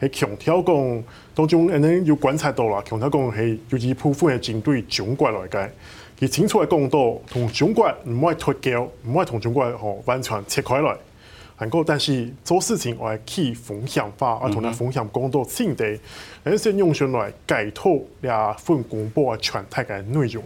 係強調講，當中可能有觀察到啦。強調講係，尤其是部分係針對中國來講，伊清楚講到、就是，同中國唔會脫鈎，唔會同中國吼完全切開來。能過但是做事情會去方向化，愛同他方向講到性地，而、mm、且 -hmm. 用上來解脱套份公布播全體嘅內容。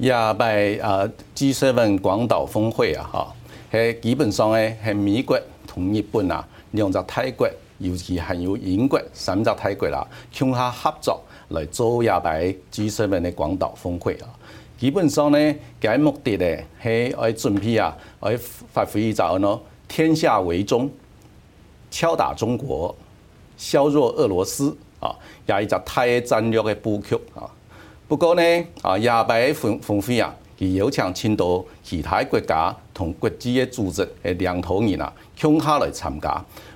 亞伯啊，G7 廣島峰會啊，哈，係基本上誒係美國同日本啊，兩隻大國。尤其係有英國、三察泰國啦，向下合作來做下第 G7 的廣島峯會啊！基本上咧，該目的咧係為準備啊，為發揮一隻咯天下圍中，敲打中國，削弱俄羅斯啊，也係一隻太戰略的布局啊！不過咧，啊亞八嘅峯峯會啊，佢有請到其他國家國同國際嘅組織誒兩頭人啊，向下嚟參加。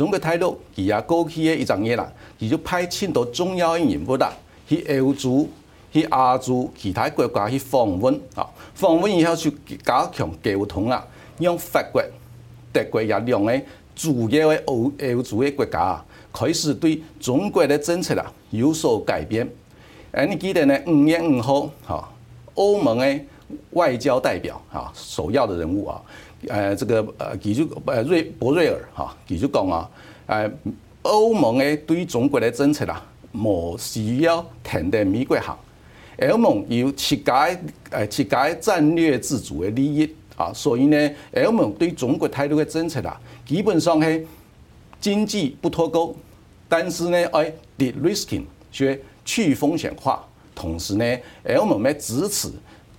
中國態度，其實過去的一陣嘢啦，伊就派遣到重要嘢人物啦，去歐洲、去亞洲、其他國家去訪問啊，訪問以後就加強溝通啊，讓法國、德國也讓咧主要嘅歐歐洲嘅國家開始對中國的政策啊有所改變。哎，你記得呢？五月五號，哈，歐盟嘅外交代表啊，首要的人物啊。呃，這個呃，記住，呃，瑞博瑞爾哈，記住講啊，呃，歐盟誒對中國的政策啊，冇需要停在美國行。歐盟有七解，誒，七解戰略自主嘅利益啊，所以呢，歐盟對中國態度嘅政策啊，基本上係經濟不脫鈎，但是呢，誒，de risking，說去風險化，同時呢，歐盟咪支持。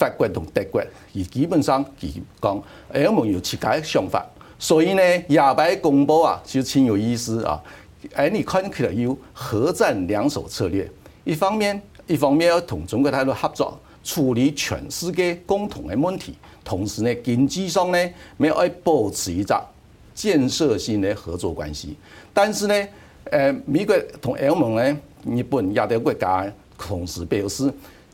法國同德國其基本上其講，歐盟有自己的想法，所以呢廿排公布啊，就很有意思啊。Any country 要核戰兩手策略，一方面一方面要同中國大陸合作處理全世界共同的問題；同時呢，經濟上呢要愛保持一個建設性的合作關係。但是呢，誒美國同歐盟呢，日本亞洲國家同時表示。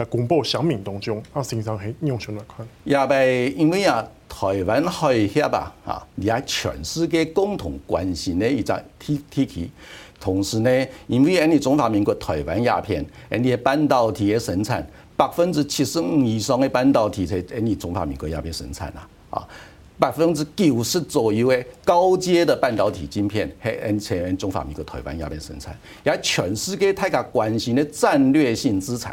在公布聲明當中二十張黑用什麼也被因為啊台灣海峽啊啊也全世界共同關心的一張 t t 同時呢因為中華民國台灣鴉片人家半導體的生產百分之七十五以上的半導體在人家中華民國鴉片生產啊百分之九十左右的高階的半導體晶片還有 n 中華民國台灣鴉片生產也全世界太大家關心的戰略性資產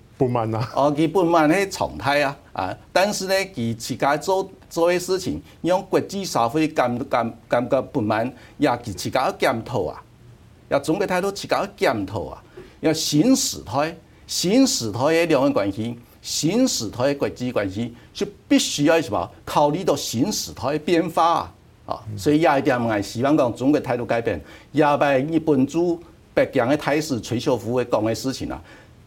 不滿啊！哦，基本滿係常態啊，啊！但是咧，佢自己做做啲事情，讓國際社會感感感覺不滿，也係自己檢討討啊，要中國態度自己檢討討啊，要新時代、新時代嘅兩岸關係，新時代嘅國際關係，就必須要什麼考慮到新時代嘅變化啊！啊、嗯，所以也一定希望講中國態度改變，也把日本駐北京的大使垂秀夫嘅講嘅事情啊。